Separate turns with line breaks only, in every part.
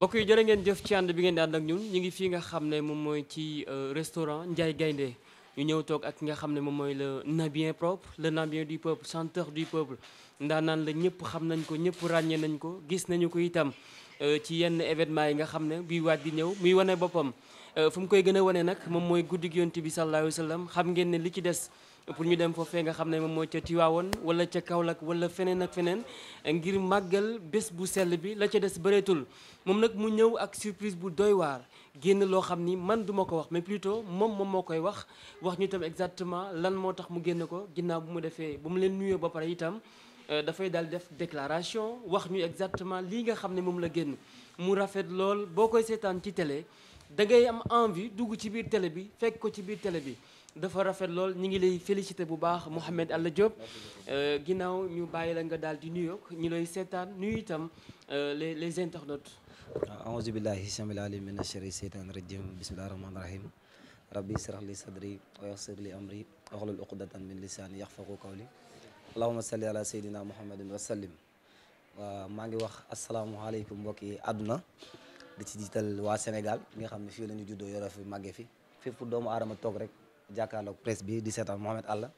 mbokk yi jërë ngeen jëf ci bi ngeen di ànd ñun ñu ngi fii nga xam ne moom mooy ci euh, restaurant Ndiaye Gaynde ñu ñëw toog ak ki nga xam ne moom mooy le nabien propre le nabien du peuple chanteur du peuple ndaanaan la ñëpp xam nañ ko ñëpp ràññee nañ ko gis nañu ko itam euh, ci yenn événement yi nga xam ne bii waaj bi ñëw muy wane boppam euh, fu mu koy gën a wane nag moom mooy guddig yonent bi sallallahu alayhi wa xam ngeen ne li ci des pour ñu dem foofee nga xam ne moom mooy ca Tiwaawoon wala ca Kaolack wala feneen ak feneen ngir màggal bés bu sell bi la ca des bëreetul moom nag mu ñëw ak surprise bu doy waar génn loo xam ni man du ko wax mais plutôt moom moom moo koy wax wax ñu itam exactement lan moo tax mu génn ko ginnaaw bu mu defee bu mu leen nuyoo ba pare itam euh, dafay daal def déclaration wax ñu exactement lii nga xam ne moom la génn mu rafet lool boo koy seetaan ci télé da ngay am envie dugg ci biir télé bi fekk ko ci biir télé bi dafa rafet lool ñu ngi lay félicité bu baax Mouhamed Alla Diop euh, ginnaaw ñu bàyyi la nga daal di nuyu ñu lay seetaan nuyu itam euh, les les internautes.
aouzu billahi samil alim min ashari seytaan rajim bismillahi rahmani rahim rabbi israh li sadri wa yassir li amri waxlul uqdatan min lisaani yaxfaqu qawli allahuma salli ala sayyidina muhammadin wa maa ngi wax asalaamualeykum mbokki àdduna di ci jiital waa senegal mi nga xam ne fii la ñu juddoo yore fi màggee fi fépp doomu aadama toog rek jàkkaarloog presse bi di seetaan Mohamed Alla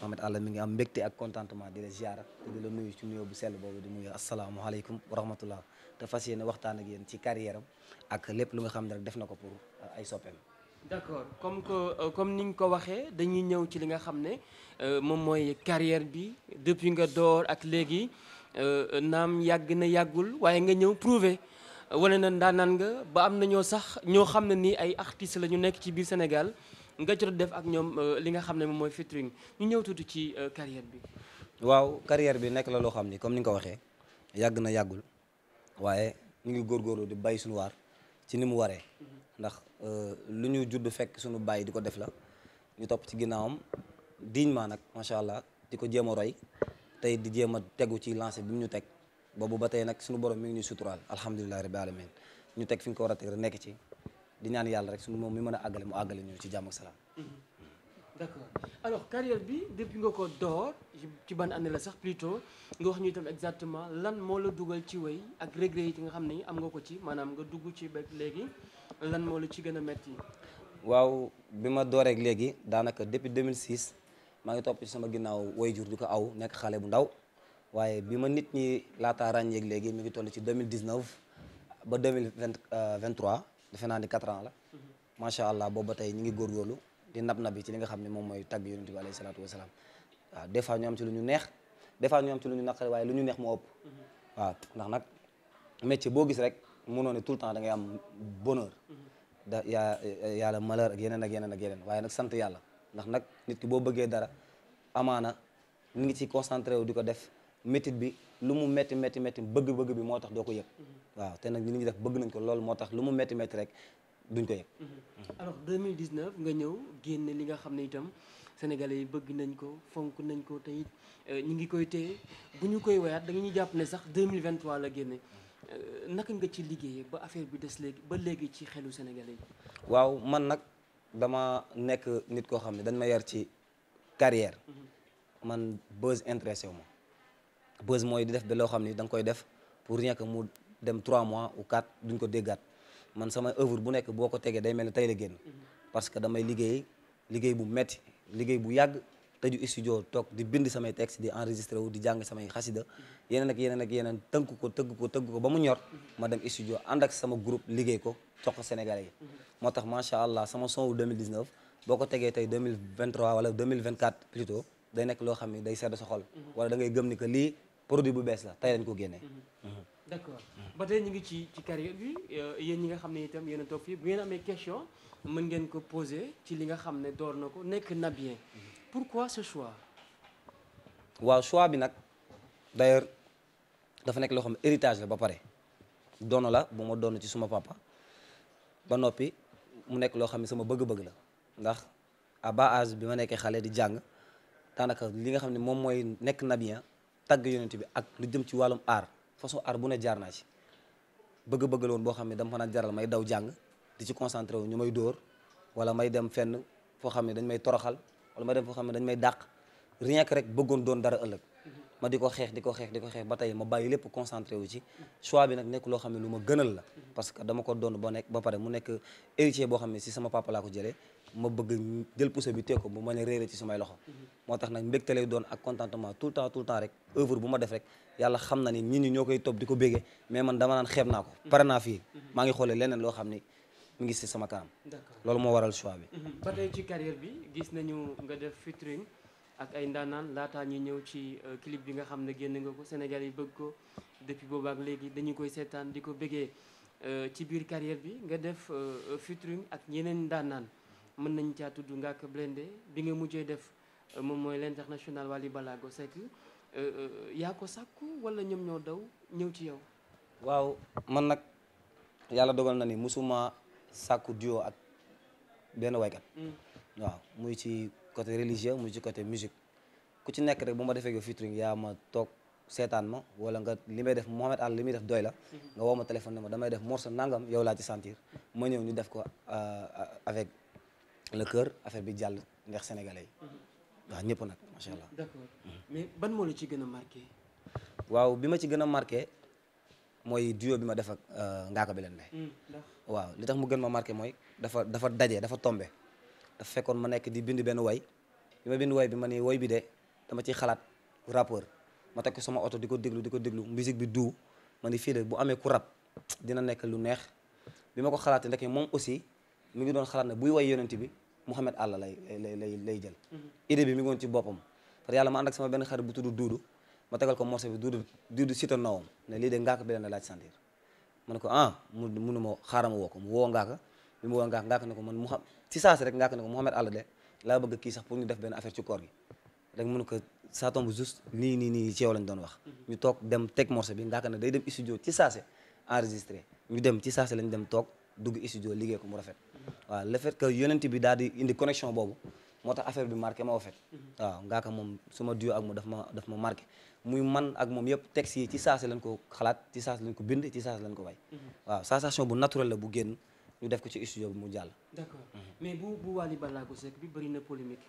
Mohamed Alla mi ngi am mbégte ak contentement di la ziara te di la nuyu ci nuyoo bu sell boobu di nuyu asalaamualeykum wa rahmatullah te fas yéene waxtaan ak yéen ci carrière ak lépp lu nga xam ne rek def na ko pour ay soppeem.
d'accord comme que euh, comme ni nga ko waxee dañuy ñëw ci li nga xam ne euh, moom mooy carrière bi depuis nga door ak léegi euh, naam yàgg na yàggul waaye nga ñëw prouver wane na ndaanaan nga ba am na ñoo sax ñoo xam ne nii ay artistes la ñu nekk ci biir Sénégal. nga jot def ak ñoom euh, li nga xam ne moom mooy featuring ñu ñëw tuuti ci euh, carrière bi.
waaw carrière bi nekk la loo xam ni comme ni nga ko waxee yàgg na yàggul waaye ñu ngi góor góorgóorlu di bay suñu waar ci ni mu waree mm-hmm. ndax euh, lu ñu judd fekk suñu bàyyi di ko def la ñu topp ci ginnaawam diñ maa nag macha allah di ko jéem a roy tey di jéem a tegu ci lancé bi mu ñu teg boobu ba tey nag suñu borom mi ngi ñuy suturaal alhamdulilah rabbi alamin ñu teg fi nga ko war a teg rek nekk ci. di ñaan yàlla rek suñu moom mi man a àggale mu àggale ñu ci jàmm ak salaam.
Mm-hmm. d'accord alors carrière bi depuis nga ko door ci ban année la sax plutôt nga wax ñu itam exactement lan moo la dugal ci wéy ak regret yi nga xam ne am nga ko ci maanaam nga dugg ci ba léegi lan moo la ci gën a metti
waaw bi ma dooreeg léegi daanaka depuis 2006 maa ngi topp sama ginnaaw jur di ko aw nekk xale bu ndaw waaye bi ma nit ñi laataa ràññeek léegi mi ngi toll ci 2019 ba 2023 defe naa ni quatre ans la macha allah boobu ba tey ñu ngi góorgóorlu di nab nabi ci li nga xam ne moom mooy tagg yonent bi alayhi salaatu wasalaam waaw des fois ñu am ci lu ñu ñu am ci lu ñu naqari waaye lu ñu neex moo ëpp waaw ndax nag métier boo gis rek mënoo ne tout le temps da ngay am bonheur da yaa yàlla malheur ak yeneen ak yeneen ak yeneen waaye nag sant yàlla ndax nag nit ki boo bëggee dara amaana nit ngi ci concentré wu di ko def métit bi lu mu métti métti métti bëgg-bëgg bi moo tax doo ko yëg waaw te nag ñu ngi def bëgg nañ ko loolu moo tax lu mu métti métti rek duñ ko yëg.
Mm-hmm. alors nga ñëw génn li nga xam ne itam sénégalais yi bëgg nañ ko fonk nañ ko te euh, ñu ngi koy téye bu ñu koy wayaat da nga ñuy jàpp ne sax 2023 la génne euh, naka nga ci liggéeyee ba affaire bi des léegi ba léegi ci xelu sénégalais
yi. waaw man nag dama nekk nit koo xam ne dañ ma yar ci carrière mm-hmm. man buzz intéressé wu ma buzz mooy di def ba loo xam ne da nga koy def pour rien mu. dem 3 mois ou 4 duñ ko déggaat man sama œuvre bu nekk boo ko tegee day mel ne tey la génn parce que damay liggéey liggéey bu metti liggéey bu yàgg tëju studio toog di bind samay texte di enregistré wu di jàng samay xasida yeneen ak yeneen ak yeneen tënk ko tëgg ko tëgg ko ba mu ñor ma dem studio ànd ak sama groupe liggéey ko jox ko Sénégalais yi moo tax macha allah sama son wu 2019 boo ko tegee tey 2023 wala 2024 plutôt day nekk loo xam ne day sedd sa xol wala da ngay gëm ni que lii produit bu bees la tey lañ ko génnee
ba tey ñu ngi ci ci carrière bi euh, yéen ñi nga xam ne itam yéen a toog fii bu ngeen amee question mën ngeen ko poser ci li nga xam ne door na ko nekk na bien mhm. pourquoi
ce choix. waaw choix bi nag d'ailleurs dafa nekk loo xam ne héritage la ba pare doon la bu ma doon ci suma papa ba noppi mu nekk loo xam ne sama bëgg-bëgg la ndax à bas âge bi ma nekkee xale di jàng daanaka li nga xam ne moom mooy nekk na bien tagg yonent bi ak lu jëm ci wàllum aar façon aar bu ne jaar naa ci. bëgg-bëgg woon boo xam ne dama fa naan jaral may daw jàng di ci concentré wu ñu may dóor wala may dem fenn foo xam ne dañ may toroxal wala may dem foo xam ne dañ may dàq rien rek bëggoon doon dara ëllëg ma di ko xeex di ko xeex di ma bàyyi lépp concentré ci choix bi nag nekk loo xam ne lu ma gënal la parce que dama ko doon ba nekk ba pare mu nekk héritier boo sama papa laa ma bëgg jël pousse bi teg ko bu ma def rek yàlla xam na ni nit ñoo koy topp di ko béggee mais man dama naan xeeb naa ko pare naa fii maa ngi xoolee leneen loo xam ni mu ngi si sama kanam loolu moo waral choix bi
mhm. ba ci carrière bi gis nañu nga def featuring ak ay ndaanaan laataa ñu ñëw ci euh, clip bi nga xam ne génn nga ko Sénégal yi bëgg ko depuis boobu ak léegi dañu koy seetaan di ko bëggee euh, ci biir carrière bi nga def euh, featuring ak ñeneen ndaanaan mën nañ caa tudd Ngaaka Blindé bi nga mujjee def moom mooy l'international Wally Ballago Seck yaa ko sàkku wala ñoom ñoo daw ñëw ci yow.
waaw man nag yàlla dogal na ni musuma sàkku dio ak benn waykat. Mm. waaw muy ci. côté religieux mu ci côté musique ku ci nekk rek bu ma defee yow featuring yaa ma toog seetaan ma wala nga li may def Mohamed Alla li muy def doy la nga woo ma téléphone ne ma damay def morceau nangam yow laa ci sentir ma ñëw ñu def ko euh, avec le cœur affaire bi jàll ndax sénégalais yi mhm. waaw ñëpp nag macha allah.
Mhm. ban moo la ci gën a marqué.
waaw bi ma ci gën a marqué mooy duo bi ma def ak euh, Ngaaka Blindé. Mm, waaw li tax mu gën ma marqué mooy dafa dafa daje dafa tombé. dafa fekkoon ma nekk di bind benn way bi ma bind way bi ma ni way bi de dama ciy xalaat rappeur ma teg ko sama oto di ko déglu di ko déglu musique bi du ma ni fii de bu amee ku rap dina nekk lu neex bi ma ko xalaatee ndeke moom aussi mu ngi doon xalaat ne buy way yonent bi Mouhamed Alla lay lay lay lay jël mhm. idée bi mi ngi woon ci boppam par yàlla ma ànd ak sama benn xarit bu tudd Duudu ma tegal ko morceau bi Duudu Duudu sita nawam ne lii de Ngaaka bi leen laaj sentir ma ne ko ah mu munu ma xaaral ko mu woo Ngaaka bi mu woo ngaak ngaak ne ko man mu xam ci saasi rek de laa bëgg kii sax pour ñu def benn affaire ci gi rek mënu ko ça tombe juste nii nii nii ci lañ doon wax ñu toog dem teg morceau bi ngaak ne day dem studio ci saasi enregistré ñu dem ci saasi lañ dem toog dugg studio liggéey ko mu rafet waaw le fait que yonent bi daal di indi boobu moo tax affaire bi marqué ma ofet waaw ngaaka moom suma duo ak moom daf ma daf ma marqué muy man ak moom yëpp texte si ci saasi lañ ko xalaat ci saasi lañ ko bind ci saasi lañ ko way mhm. la ñu def ko ci studio bi mu jàll. Mhm.
mais bu bu Wally Ballago Seck bi bëri na polémique.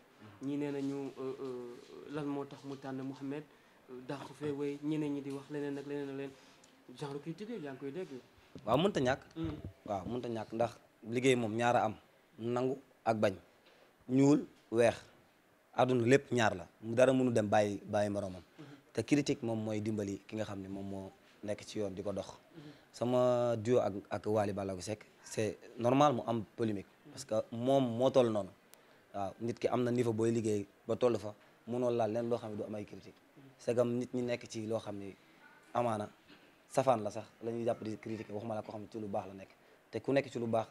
ñii nee nañu euh, euh, lan moo tax mu tànn Mouhamed euh, dàq fee way ñeneen ñi di wax leneen ak leneen ak leneen genre critique yaa ngi koy dégg.
waaw mënut a ñàkk. Mm. waaw mënut a ñàkk ndax liggéey moom ñaar a am nangu ak bañ ñuul weex àdduna lépp ñaar la mu dara mënu dem bàyyi bàyyi moromam. Mm-hmm. te critique moom mooy dimbali ki nga xam ne moom moo. nekk ci yoon di ko dox sama duo ak ak Wally Ballago Seck c'est normal mu am polémique parce que moom moo toll noonu nit ki am na niveau booy liggéey ba toll fa mënoo laal leen loo xam ne du am ay critique c'est nit ñi nekk ci loo xam ni amaana safaan la sax la ñuy jàpp di critiquer waxuma la ko xam ci lu baax la nekk te ku nekk ci lu baax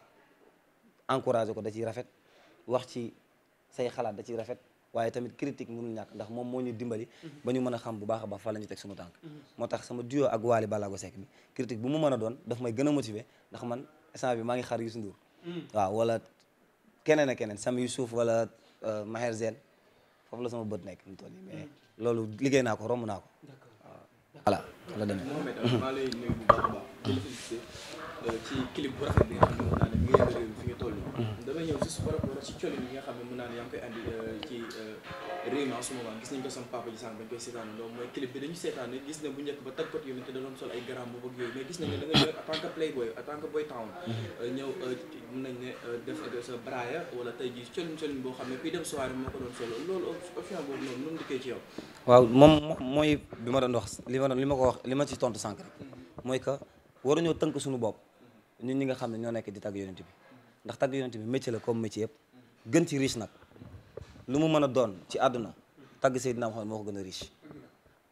encouragé ko da ciy rafet wax ci say xalaat da ciy rafet waaye tamit critique mënul ñàkk ndax moom moo ñu dimbali ba ñu mën a xam bu baax a baax fa la ñu teg suñu tànk moo tax sama duo ak Waly Balago Seck bi critique bu mu mën a doon daf may gën a motiver ndax man instant bi maa ngi xaar Youssou Ndour waaw wala keneen a keneen Sami Youssouf wala euh, Maher Zène foofu la sama bët nekk mu toll nii mm. loolu liggéey naa ko romb naa ko la demee. Euh,
ci clip bu rafet bi nga mm-hmm. bi nga xam ne mën naa yaa ngi koy andi euh, ci euh, réew mi en gis nañ ko sama ji sànq dañ koy seetaan bi dañu seetaan ne bu bëgg yooyu mais gis ne da nga ñëw en tant que playboy en tant que boy town mm-hmm. ñëw mën nañ ne def sa braaya wala tey jii colin colin boo xam ne kuy dem soirée moo ko doon solo loolu option
boobu noonu nu mu dikkee ci yow waaw moom mooy bi ma doon wax li ma doon li ma ko wax wax li ma ci tontu sànq rek mooy que waruñoo tënk suñu bopp ñun ñi nga xam ne ñoo nekk di tagg yonent bi ndax tagg yonent bi métier la comme métier yëpp gën ci riche nag lu mu mën a doon ci àdduna tagg Seydina Muhammad moo ko gën a riche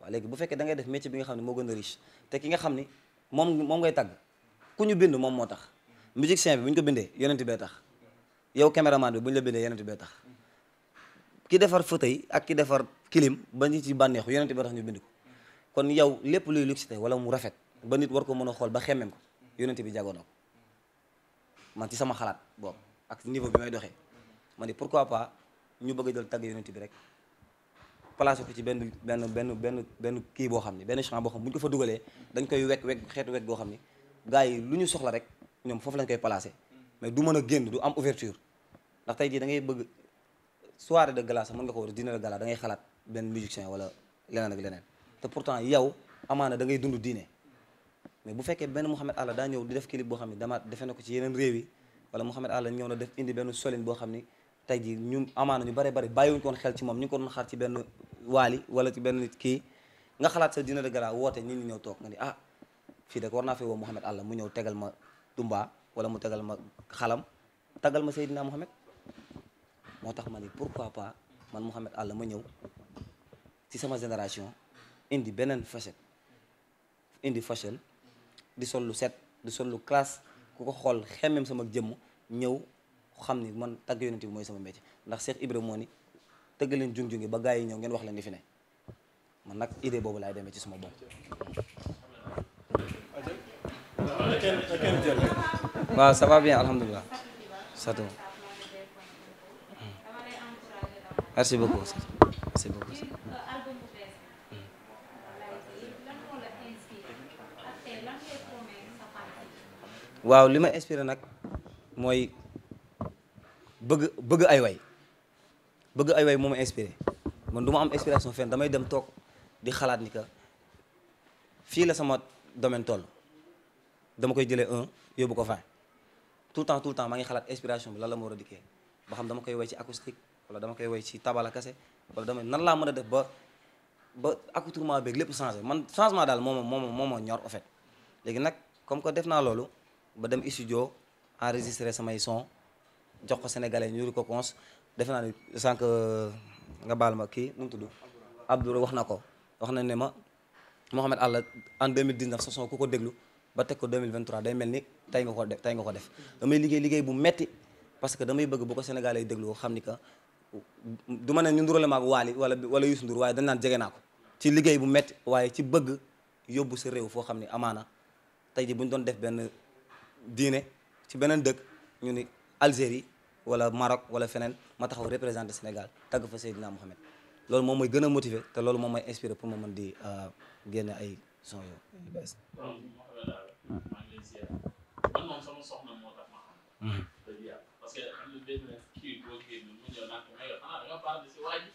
waa léegi bu fekkee da ngay def métier bi nga xam ne moo gën a riche te ki nga xam ni moom moom ngay tagg ku ñu bind moom moo tax musicien bi bu ñu ko bindee yonent bee tax yow caméraman bi bu ñu la bindee yonent bee tax ki defar fauteuil ak ki defar clim ba ñu ci bànneexu yonent bee tax ñu bind ko kon yow lépp luy luxité wala mu rafet ba nit war ko mën a xool ba xemmem ko yonent bi jagoon na ko man ci sama xalaat boobu ak niveau bi may doxee ma ni pourquoi pas ñu bëgg jël tagg yonent bi rek placé ko ci benn benn benn benn benn kii boo xam ne benn champ boo xam ne bu ñu ko fa dugalee dañ koy wekk wekk xeetu wekk goo xam ne gars yi lu ñu soxla rek ñoom foofu lañ koy placé mais du mën a génn du am ouverture ndax tey jii da ngay bëgg soirée de gala sax mën nga ko war dîner de gala da ngay xalaat benn musicien wala leneen ak leneen te pourtant yow amaana da ngay dund diine mais bu fekkee benn Mouhamed Alla daa ñëw di def clip boo xam ne dama defe na ko ci yeneen réew yi wala Mouhamed Alla ñëw na def indi benn solin boo xam ni tey ji ñu amaana ñu bare bare bàyyiwuñ ko woon xel ci moom ñu ko doon xaar ci benn waali wala ci benn kii nga xalaat sa dîner de gala woote nit ñi ñëw toog nga ni ah fii de war naa fi woo Mouhamed Alla mu ñëw tegal ma Dumba wala mu tegal ma xalam tagal ma Seydina Mouhamed moo tax ma ni pourquoi pas man Mouhamed Alla ma ñëw ci sama génération indi beneen fashion indi fashion di sol lu set di sol lu classe ku ko xool xemmeem sama jëmm ñëw xam ni man tagg yonent bi mooy sama métier ndax Cheikh Ibra moo ni tëgg leen jung-jungi ba gaa yi ñëw ngeen wax leen di fi ne man nag idée boobu laay demee ci sama bopp. waaw ça va bien alhamdulilah. sato hmm. merci beaucoup merci beaucoup. waaw li ma inspiré nag mooy bëgg bëgg ay way bëgg ay way moo ma man du ma am inspiration fenn damay dem toog di xalaat ni que fii la sama domaine toll dama koy jëlee un yóbbu ko vingt tout le temps tout le temps maa ngi xalaat inspiration bi lan la ma war ba xam dama koy way ci acoustique wala dama koy way ci tabala kase wala dama nan laa mën a def ba ba accoutrement beeg lépp changé man changement daal moo ma moo ma ñor en léegi nag comme que def naa loolu ba dem studio enregistré samay son jox ko sénégalais ñu ko cons defe naa ne sànq nga baal ma kii nu mu tudd Abdou wax na ko wax na ne ma Mouhamed Alla en 2019 sa son ku ko déglu ba teg ko 2023 day mel ni tey nga ko def tey nga ko def damay liggéey liggéey bu metti parce que damay bëgg bu ko sénégalais yi déglu xam ni que du ma ne ñu ndurale maag Waly wala wala Youssou Ndour waaye dañ naan jege naa ko ci liggéey bu metti waaye ci bëgg yóbbu sa réew foo xam ne amaana tey ji bu ñu doon def benn diine ci beneen dëkk ñu ni Algérie wala Maroc wala feneen ma taxaw représenté Sénégal tagg fa Seydina loolu moom mooy gën a motiver te loolu moom mooy inspiré pour ma mën di euh, génne ay son yu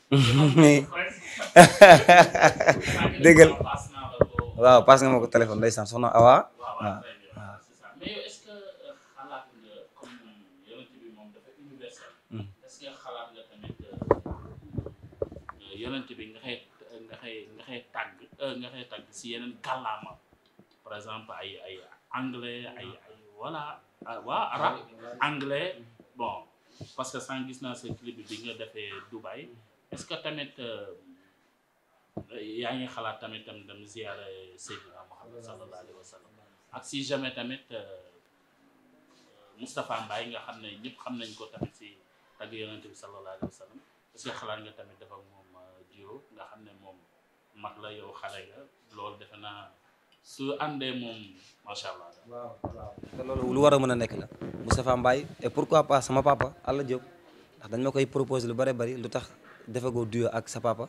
waaw pass nga ma ko téléphone ndeysaan soxna waaw.
yonent bi nga xëy nga xëy nga tàgg euh, nga xëy tàgg si yeneen kàllaama par exemple ay ay anglais ay ay voilà ah, waa arab anglais bon parce que sans gis naa sa clip bi nga defee Dubaï est-ce que tamit euh, yaa ngi xalaat tamit tam dem ziyaara Seydina Muhammad sallallahu alayhi wa ak si jamais tamit euh, Moustapha Mbaye nga xam ne ñëpp xam nañ ko tamit si tagg yonent bi sallallahu alayhi wa que xalaat nga tamit dafa moom yow nga xam la yow xale nga loolu naa su àndee moom macha allah. waaw lu war a mën a
nekk la Moustapha Mbaye et pourquoi pas sama papa Alla Diop ndax dañ ma koy proposé lu bare bëri lu tax defagoo duo ak sa papa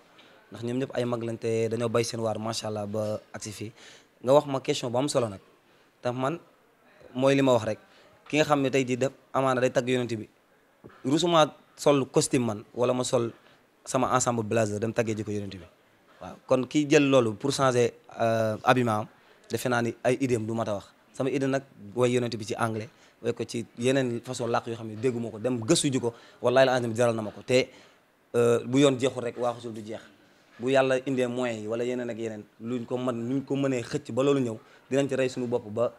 ndax ñoom ñëpp ay mag lañ te dañoo bay seen waar macha allah ba agsi fii nga wax ma question ba mu solo nag tax man mooy li ma wax rek ki nga xam ne tey jii def amaana day tagg yonent bi rusuma sol costume man wala ma sol sama ensemble blazer dem taggee ji ko yonent bi waaw kon ki jël loolu pour changer euh, habillement am defe naa ni ay idéem du mat a wax sama idée nag way yonent bi ci anglais way ko ci yeneen façon làkk yoo xam ne dégguma ko dem gëstu ji ko wallahi la bi jaral ko te euh, bu yoon jeexul rek waaxu suuf du jeex bu yàlla indee moyens yi wala yeneen ak yeneen luñ ko mën luñ ko mënee xëcc ba loolu ñëw dinañ ci rey suñu bopp ba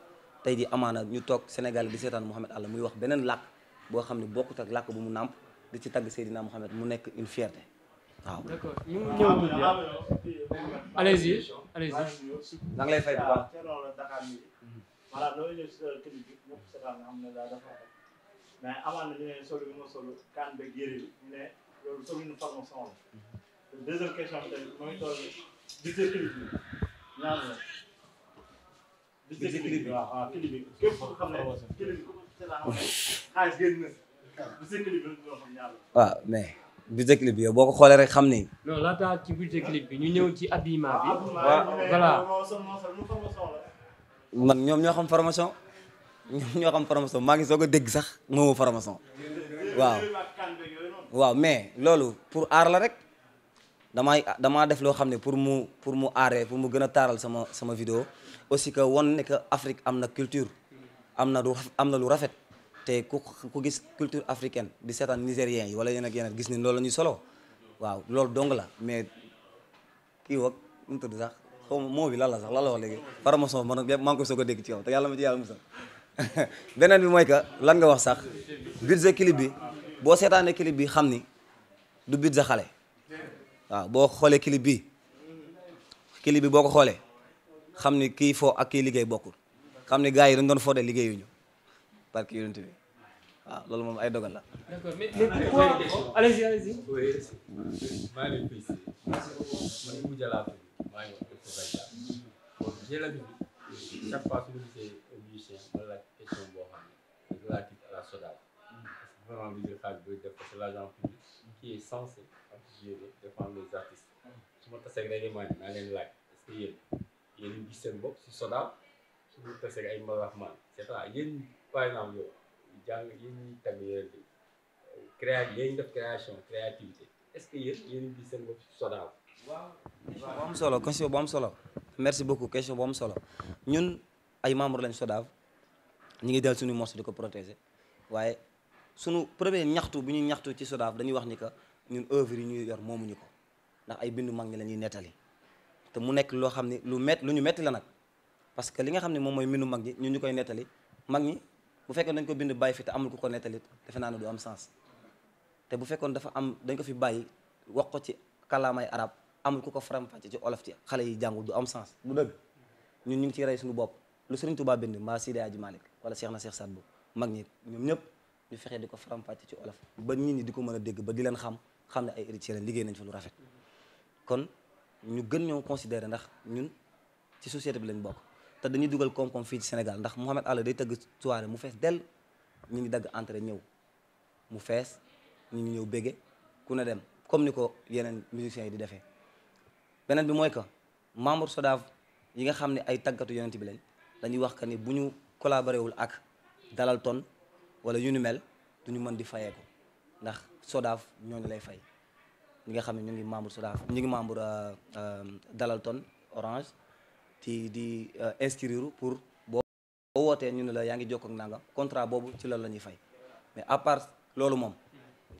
tey ji amaana ñu toog Sénégal di seetaan Mouhamed Alla muy wax beneen làkk boo xam ne bokkut ak làkk bu mu nàmp di ci tagg Seydina Mouhamed mu nekk une fierté waaw. d'accord ñu fay bu baax.
voilà loolu ñëw si euh, clip bi ñëpp seetaan nga xam ne daal ne solo bi ma solo kaan beeg yére bi ne solo ñu formation la deuxième question bi tamit mooy tool budget clip bi bi waaw waaw clip bi képp ko bi ku ko seetaan xam ne
waaw ah, mais bu clip bi yow boo ko xoolee rek xam ni.
ci budget clip bi ñu ñëw ci habillement bi. voilà
man ñoom ñoo xam formation ñoom ñoo xam formation maa ngi soog a dégg sax moomu formation waaw. waaw mais loolu pour aar la rek damay damaa def loo xam ne pour mu pour mu aaree pour mu gën a taaral sama sama vidéo aussi que won ne Afrique am na culture am na lu rafet. te ku ku gis culture africain di seetaan nigérien yi wala yéen ak gis ni lool la solo waaw loolu dong la mais kii wag mu tudd sax xaw ma moo bi lan la sax lan la wax léegi faramason man maa ngi koy soog a dégg ci yow te yàlla ma ci yàlla musal beneen bi mooy que lan nga wax sax budget clip bi boo seetaanee clip bi xam ni du budget xale waaw boo xoolee clip bi clip bi boo ko xoolee xam ni kii foo ak kii liggéey bokkul xam ni gars yi dañ doon foo de liggéeyuñu barke yonent ah, loolu moom ay dogal la. d'accord mais mais pourquoi allez-y allez-y. oui maa ngi koy si man mii jàllale maa ngi ko fayda bon j'ai l'habitude
chaque fois su ma gisee musicien ma laaj question boo xam ne relative à la SODAV parce que vraiment li nga xaaj booy def parce que l'agent public qui est censé appuyer défendre les artistes su ma a gis seen bopp si SODAV su ma tasee ay par exemple yow jàng def création créativité est-ce que yéen yéen ngi seen bopp
Sodav waaw solo question bu solo merci beaucoup question boo am solo ñun ay membre lañ Sodav ñu ngi dal suñu morceau di ko protéger waaye suñu premier ñaxtu bi ñu ñaxtu ci Sodav dañuy wax ni que ñun œuvre yi ñuy yor moomuñu ko ndax ay bindu mag ñi la ñuy nettali te mu nekk loo xam ne lu mett lu ñu metti la nag parce que li nga xam ne moom mooy mbindu mag ñi ñun ñu koy nettali mag ñi bu fekkoon dañ ko bind bàyyi fi te amul ku ko nettalit defe naa ne du am sens te bu fekkoon dafa am dañ ko fi bàyyi wax ko ci kàllaamay arab amul ku ko faram-fàcce ci olof ci xale yi jàngul du am sens bu dëgg ñun ñu ngi ciy rey suñu bopp lu Sëriñ Tuubaa bind mbaa Sidi Aji wala Seex na Seex Saad Bu ñi ñoom ñëpp ñu fexe di ko faram ci olof ba ñii nii di ko mën a dégg ba di leen xam xam ne ay héritiers lañ liggéey nañ fa lu rafet kon ñu gën ñoo considéré ndax ñun ci société bi lañ bokk te dañuy dugal koom-koom fii ci Sénégal ndax Mouhamed Alla day tëgg soirée mu fees dell ñu ngi dagg entrée ñëw mu fees ñu ngi ñëw bége ku ne dem comme ni ko yeneen musiciens yi di defee beneen bi mooy que membre SODAV yi nga xam ne ay tàggatu yonent bi lañ dañuy wax que ni bu ñu collaboré ak dalal ton wala yu ni du ñu mën di fayee ko ndax ñoo ñooñu lay fay ñi nga xam ne ñu ngi membre SODAV ñu ngi membre euh, euh, dalal ton orange ci di euh, inscrire pour boo wootee ñu ne la yaa ngi jokk ak nangam contrat boobu ci loolu la ñuy fay mais à part loolu moom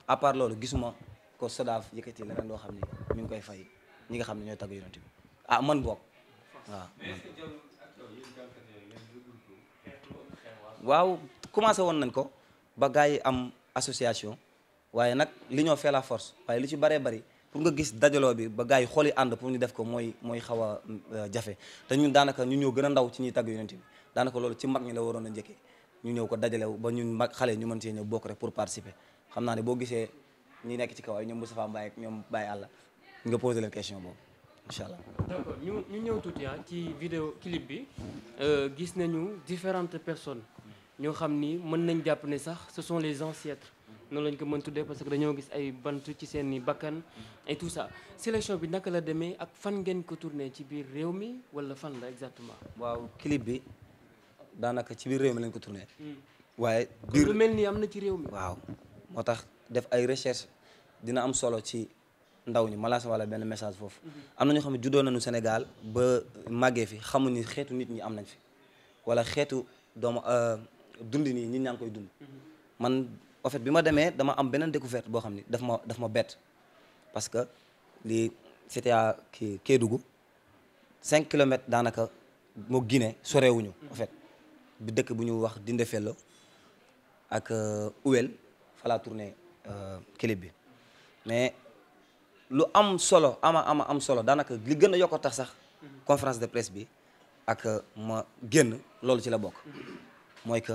à part loolu gisuma ko SODAV yëkkati leneen loo xam ne mi ngi koy fay ñi nga xam ne ñoo tagg yonent bi ah man boog waaw waaw commencé woon nañ ko ba gars yi am association waaye nag li ñoo fait la force waaye lu ci baree bari pour nga gis dajaloo bi ba gars yi xooli ànd pour ñu def ko mooy mooy a euh, jafe te ñun daanaka ñu ñoo gën a ndaw ci ñuy tàgg yonent bi daanaka loolu ci mag ñi la waroon a njëkkee ñu ñëw ko dajalew ba ñun mag xale ñu mën cee ñëw bokk rek pour participer xam naa ne boo gisee ñi nekk ci kaw ay ñoom Moustapha Mbaye ñoom Baye Alla nga posé leen question boobu incha allah.
d'accord ñu ñu tuuti ah ci vidéo clip bi euh, gis nañu différentes personnes ñoo xam ni mën noonu lañ ko mën tuddee parce que dañoo gis ay bantu ci seeni i bakkan et tout ça sélection bi naka la demee ak fan ngeen ko tourné ci biir réew mi wala fan la exactement.
waaw clip bi daanaka ci biir réew mi lañ ko tourné. Hmm. waaye biir mel ni am na ci réew mi. waaw moo tax def ay recherche dina am solo ci ndaw ñi ma wala benn message foofu. Hmm. am na ñoo xam ne juddoo nañu Sénégal ba màggee fi xamuñu xeetu nit ñi am nañ fi wala xeetu doomu euh, dund nii nit ñaa ngi koy dund hmm. man. en bi ma demee dama am beneen découverte boo xam ni daf ma daf bett parce que lii c'était à kii Kédougou cinq kilomètres daanaka moo Guinée sorewuñu en fait bi dëkk bu ñuy wax Dindéfelo ak euh, Ouel fa laa tourné euh, clip bi mais lu am solo ama ama am solo daanaka li gën a yokko tax sax conférence de presse bi ak euh, ma génn loolu ci la bokk mooy que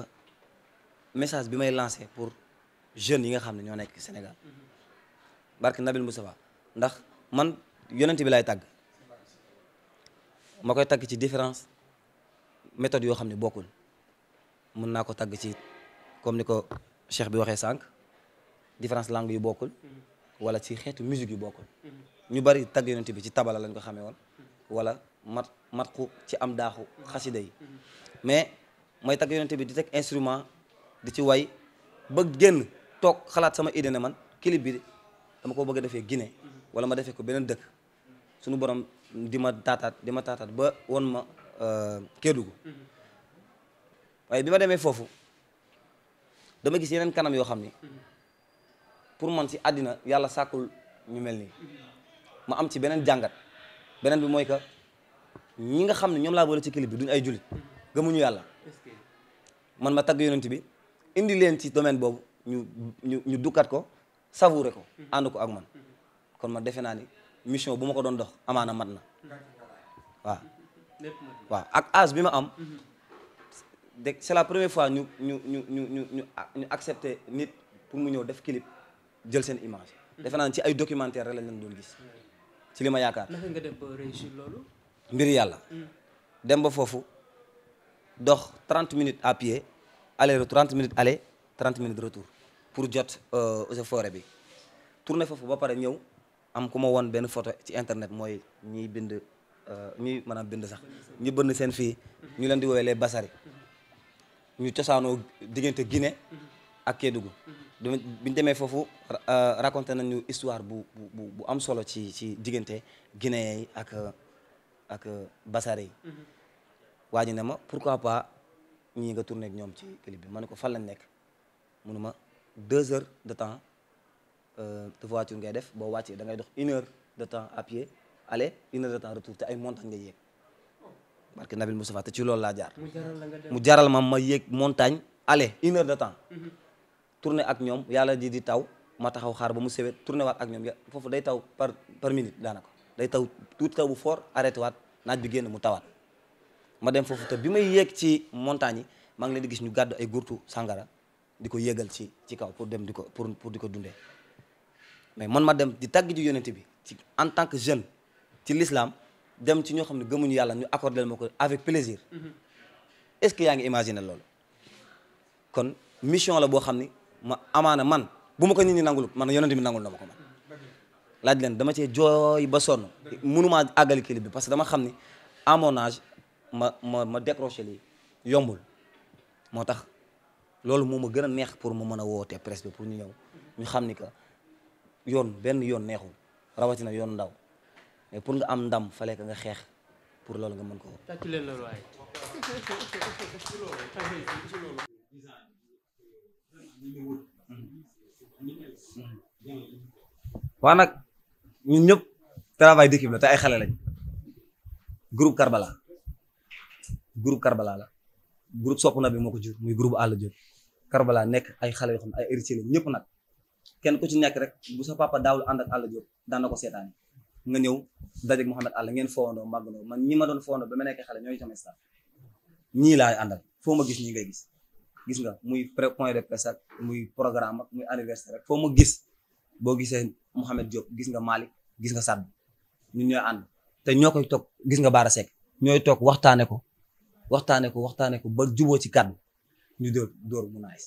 message bi may lancé pour jeunes yi nga xam ne ñoo nekk Sénégal mhm. barke Nabil Moustapha ndax man yonent bi lay tàgg ma koy tàgg ci différence méthode yoo xam ne bokkul mën naa ko tàgg ci comme ni ko cheikh bi waxee sànq différence langue yu bokkul mhm. wala ci xeetu musique yu bokkul mhm. ñu bari tàgg yonent bi ci tabala lañ ko xamee woon wala mat matku ci am daaxu xasida yi mais mooy tàgg yonent bi di teg instrument di ci way ba génn toog xalaat sama idée ne man clip bi dama koo bëgg a defee Guinée wala ma defee ko beneen dëkk suñu borom di ma taataat di ma taataat ba won ma euh, Kédougou waaye bi ma demee foofu dama gis yeneen kanam yoo xam ni pour man si àddina yàlla sàkkul ñu mel nii ma am ci beneen jàngat beneen bi mooy que ñi nga xam ne ñoom laa boole ci clip bi duñ ay jullit gëmuñu yàlla man ma tagg yonent bi indi leen ci domaine boobu ñu ñu ñu dukkat ko savouré ko ànd ko ak man kon ma defe naa ni mission bu ma ko doon dox amaana mat na waaw waaw ak as bi ma am de c'est la première fois ñu ñu ñu ñu ñu ñu ñu accepté nit pour mu ñëw def clip jël seen image defe naa ci ay documentaire rek lañ leen doon gis ci li ma yaakaar naka mbir yàlla mm. dem ba foofu dox 30 minutes à pied aller 30 minutes aller 30 minutes retour pour jot eaux euh, et forêt bi tourné foofu ba pare ñëw am ku ma woon benn photo ci internet mooy ñiy bind euh, ñuy a bind sax ñu bënn seen fii ñu leen di woowee les Bassari ñu cosaanoo diggante Guinée ak Kédougou bi ñu demee foofu euh, raconté nañu histoire bu bu bu am solo ci ci diggante Guinée yi ak ak Bassari yi waa ne ma pourquoi pas ñii nga tourné ñoom ci clip ma ne ko fan nekk munuma deux heures de temps euh, de voiture ngay def boo wàccee da ngay dox une heure de temps à pied une heure de temps retour te ay montagne nga yéeg parce que Nabil Moustapha te ci loolu laa jaar mu jaral ma ma yéeg montagne aller une heure de temps mhm. tourner ak ñoom yàlla di di taw ma taxaw xaar ba mu sewet tourner waat ak ñoom foofu day taw par par minute daanaka day taw tuuti taw bu fort arrêté waat naaj bi génn mu tawaat ma dem foofu te bi may yéeg ci montagne yi maa ngi leen di gis ñu gàddu ay gurtu di ko yëgal ci ci kaw pour dem di ko pour pour di ko dundee mais man ma dem di tàgg ji yonente bi ci en tant que jeune ci l'islam dem ci ñoo xam ne gëmuñu yàlla ñu accordé ma ko avec plaisir mm-hmm. est-ce que yaa ngi imaginer loolu kon mission la boo xam ni ma amaana man bu ma ko nit ñi nangul man yonente bi nangul na ma ko man laaj leen dama cee jooy ba sonn mënumaa àggali clip bi parce que dama xam ni amonage ma ma ma décroché lii yombul loolu moom ma gën a neex pour mu mën a woote presse pour ñu ñëw ñu xam ni que yoon benn yoon neexul rawatina yoon ndaw mais pour nga am ndam fallait que nga xeex pour loolu nga mën ko
tàccu leen loolu waaye
waa nag ñun ñëpp travail d'équipe la te ay xale lañ groupe Karbala groupe Karbala la group sopp na bi moo muy groupe àll jur Karbala nekk ay xale yoo ay héritier la ñëpp nag kenn ku ci nekk rek bu sa papa daawul ànd ak àll jur daan na ko seetaani nga ñëw dajeeg Mouhamed àll ngeen foondoo màggandoo man ñi ma doon foondoo ba ma nekk xale ñooy tamit sax ñii laay àndal foo ma gis ñii ngay gis gis nga muy pré point de presse muy programme muy anniversaire rek foo ma gis boo gisee Mouhamed Diop gis nga Malick gis nga Sadd ñun te ñoo koy toog gis nga Baara Seck ñooy toog waxtaane ko waxtaanee ko waxtaanee ko ba juboo ci kàddu ñu dóor dóor bu naaj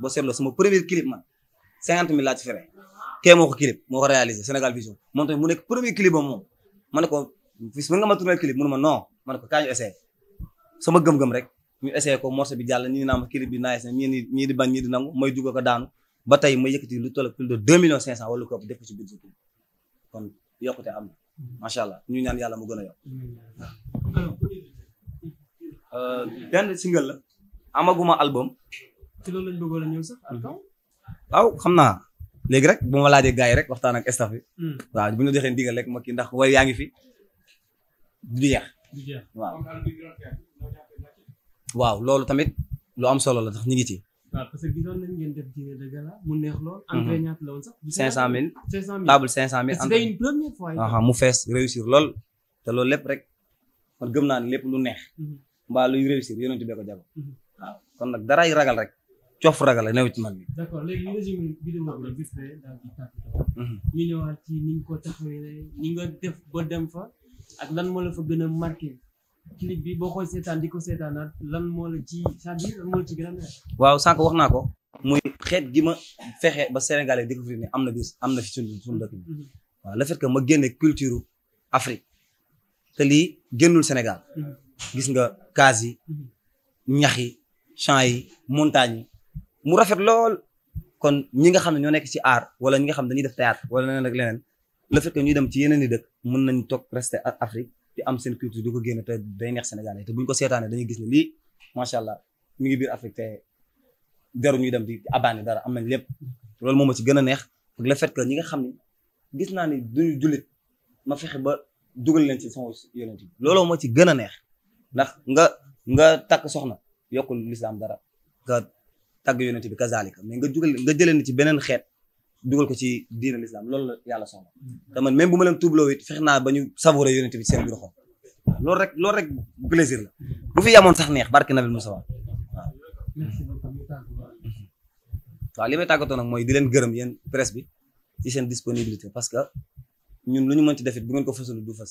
boo seetloo sama premier clip man cinquante mille laa ci fere kee moo ko clip moo ko réalisé Sénégal Vision moom tamit mu nekk premier clip ba moom ma ne ko fii mën nga ma tourné clip mënu ma non ma ne ko kaa ñu essayé sama gëm-gëm rek ñu essayé ko morceau bi jàll ñii naa ma clip bi naaj na ñii di ñii di bañ ñii di nangu may dugg ko daanu ba tey ma yëkkati lu toll plus de deux millions cinq cent wala ko def ci budget bi kon yokkute am na macha ñu ñaan yàlla mu gën a yokk Euh, benn single la amaguma album. te loolu lañ bëggoon a ñëw sax mm-hmm. waaw xam naa léegi rek bu ma laajee gars yi rek waxtaan ak staff yi. Mm. waaw bu ñu la joxee ndigal rek ma kii ndax way yaa ngi fi du jeex. waaw. loolu tamit lu am solo la tax ñu ngi ci.
waaw parce que gisoon nañ ngeen def dîner de gala mu neex lool. Mm-hmm. entrée ñaata la woon sax. 500000 500000 table 500000. c'était une mu
fees réussir lool te loolu lépp rek man gëm naa ne lépp lu neex. Mm-hmm. mbaa luy réussir yonent bi ko jago mhm. waaw kon dara daraay ragal rek cof ragal la néew ci man bi.
bi gis ne daal mhm. ni ñu ko taxawee ni nga dem fa ak lan moo la fa gën a marqué clip bi boo koy seetaan di ko seetaanaat lan moo la ci cest
waaw sànq wax naa ko muy xeet gi ma fexe ba Sénégalais découvrir ne am na bis am na fi suñu suñu dëkk bi mhm. waaw le fait ma génne culture Afrique te lii génnul Sénégal. gis nga gaz yi ñax yi champs yi montagnes yi mu rafet lool kon ñi nga xam ne ñoo nekk ci art wala ñi nga xam ne dañuy def théâtre wala leneen ak leneen le fet que dem ci yeneen i dëkk mën nañ toog rester Afrique di am seen culture di ko génn te day neex Sénégalais te buñ ko seetaanee dañuy gis ne lii macha allah mi ngi biir Afrique te dem di abandé dara am nañ lépp loolu moom ci gën a neex ak le fait que ñi nga xam ne gis naa ni duñu julit ma fexe ba dugal leen ci sama yonent bi looloo moo ci gën a neex ndax nga nga takk soxna yokkul lislaam dara nga tagg yonent bi kazalika mais nga jugal nga jëlee ci beneen xeet dugal ko ci diina lislaam loolu la yàlla soxla te man bu ma leen tuubloo it fex naa ba ñu savouré yonent bi seen biir xol loolu rek loolu rek plaisir la bu fi yamoon sax neex barke nabil Musa waaw waaw li may tàggatoo nag mooy di leen gërëm yen presse bi ci seen disponibilité parce que ñun lu ñu mën ci defit bu ngeen ko fasul du fas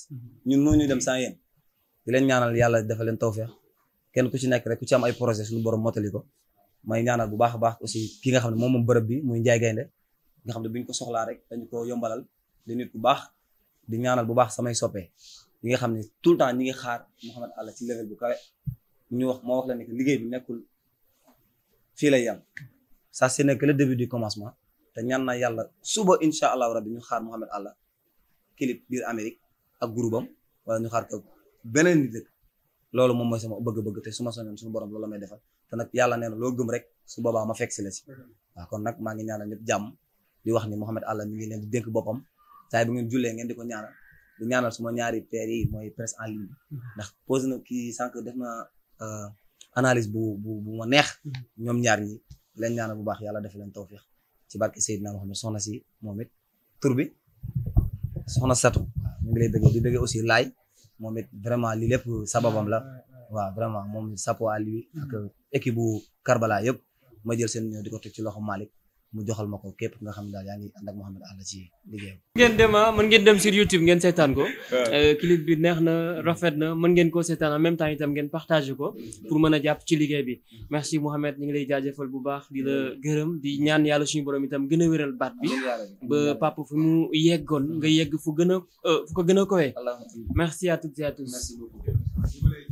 ñun mënuñu dem sans yéen di leen ñaanal yàlla defal leen tawfeex kenn ku ci nekk rek ku ci am ay projet suñu borom motali ko may ñaanal bu baax a baax aussi ki nga xam ne moom moom bërëb bi muy Njaay nga xam ne bu ko soxlaa rek dañu ko yombalal di bu baax di ñaanal bu baax samay soppee ñi nga xam ne tout le temps ñi ngi xaar Mouhamed Alla ci level bu kawe ñu wax moo wax la ne liggéey bi nekkul fii lay yam ça c'est que commencement te ñaan yàlla suba incha allahu rabbi ñu xaar Mouhamed Alla clip biir Amérique ak groupe am wala ñu xaar ko beneen nit dëkk loolu moom mooy sama bëgg-bëgg te su ma soñoon suñu borom loolu la may defal te nag yàlla nee loo gëm rek su boobaa ma fekk si la si kon nag maa ngi ñaanal ñëpp jàmm di wax ni Mouhamed Alla mi ngi leen di dénk boppam saa bu ngeen jullee ngeen di ko ñaanal di ñaanal suma ñaari père yi mooy presse en ndax posé na kii sànq def na euh, analyse bu bu bu ma neex ñoom ñaar ñi leen ñaanal bu baax yàlla def leen tawfiq ci barke Seydina Mouhamed soxna si moom it tur bi soxna Satou ñu ngi lay bëgg di bëgg aussi laay moom it vraiment li lépp sababam la waaw vraiment moom chapeau à lui ak mm-hmm. équipe Karbala yëpp ma jël seen ñëw di ko teg ci loxo Malick mu joxal ma ko képp nga xam daal yaa ngi ànd ak Mouhamed Alla ci liggéeyam.
ngeen dem man ah, mën ngeen dem sur YouTube ngeen seetaan ko. Euh, clip bi neex na rafet na mën ngeen ko seetaan en même temps itam ngeen partagé ko pour mën a jàpp ci liggéey bi. merci Mouhamed ñu ngi lay jaajëfal bu baax di la gërëm di ñaan yàlla suñu borom itam gën a wéral baat bi. ba pàpp fu mu yeggoon nga yegg fu gën a euh, fu ko gën a kowee. merci à toutes et à